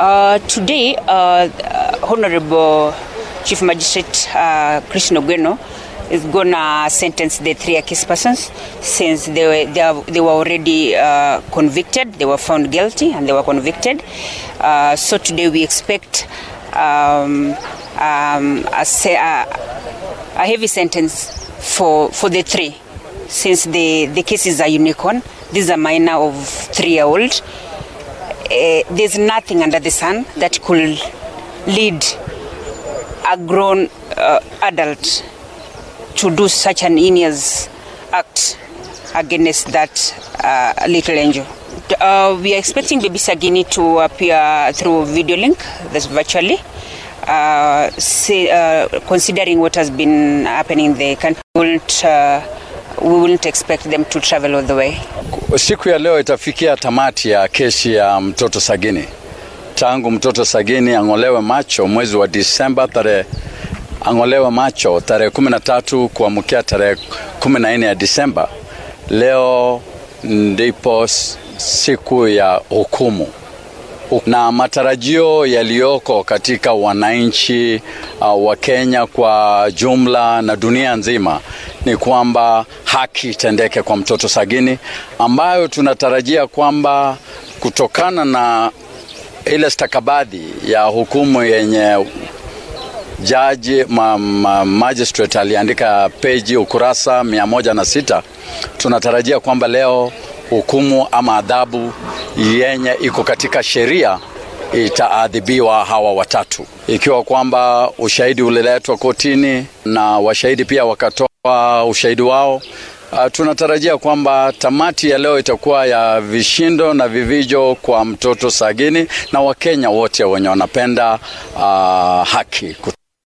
Uh, today, uh, uh, Honorable Chief Magistrate uh, Krishna Ogweno is gonna sentence the three accused persons since they were, they, are, they were already uh, convicted, they were found guilty and they were convicted. Uh, so today we expect um, um, a, a, heavy sentence for, for the three since the, the cases are unicorn. These are minor of three year old. Eh, there's nothing under the sun that could lead a grown uh, adult to do such an heinous act against that uh, little angel. Uh, we are expecting Baby Sagini to appear through video link, that's virtually, uh, say, uh, considering what has been happening in the country. We won't, uh, we won't expect them to travel all the way. Siku ya leo itafikia tamati ya kesi ya mtoto Sagini tangu mtoto Sagini ang'olewe macho mwezi wa Disemba tarehe ang'olewe macho tarehe 13 kuamkia tarehe 14 ya Disemba. Leo ndipo siku ya hukumu na matarajio yaliyoko katika wananchi uh, wa Kenya kwa jumla na dunia nzima ni kwamba haki itendeke kwa mtoto Sagini, ambayo tunatarajia kwamba kutokana na ile stakabadhi ya hukumu yenye jaji ma, ma, magistrate aliandika peji ukurasa 106 tunatarajia kwamba leo hukumu ama adhabu yenye iko katika sheria itaadhibiwa hawa watatu, ikiwa kwamba ushahidi uliletwa kotini na washahidi pia wakatoa ushahidi wao. Uh, tunatarajia kwamba tamati ya leo itakuwa ya vishindo na vivijo kwa mtoto Sagini na Wakenya wote wenye wanapenda uh, haki.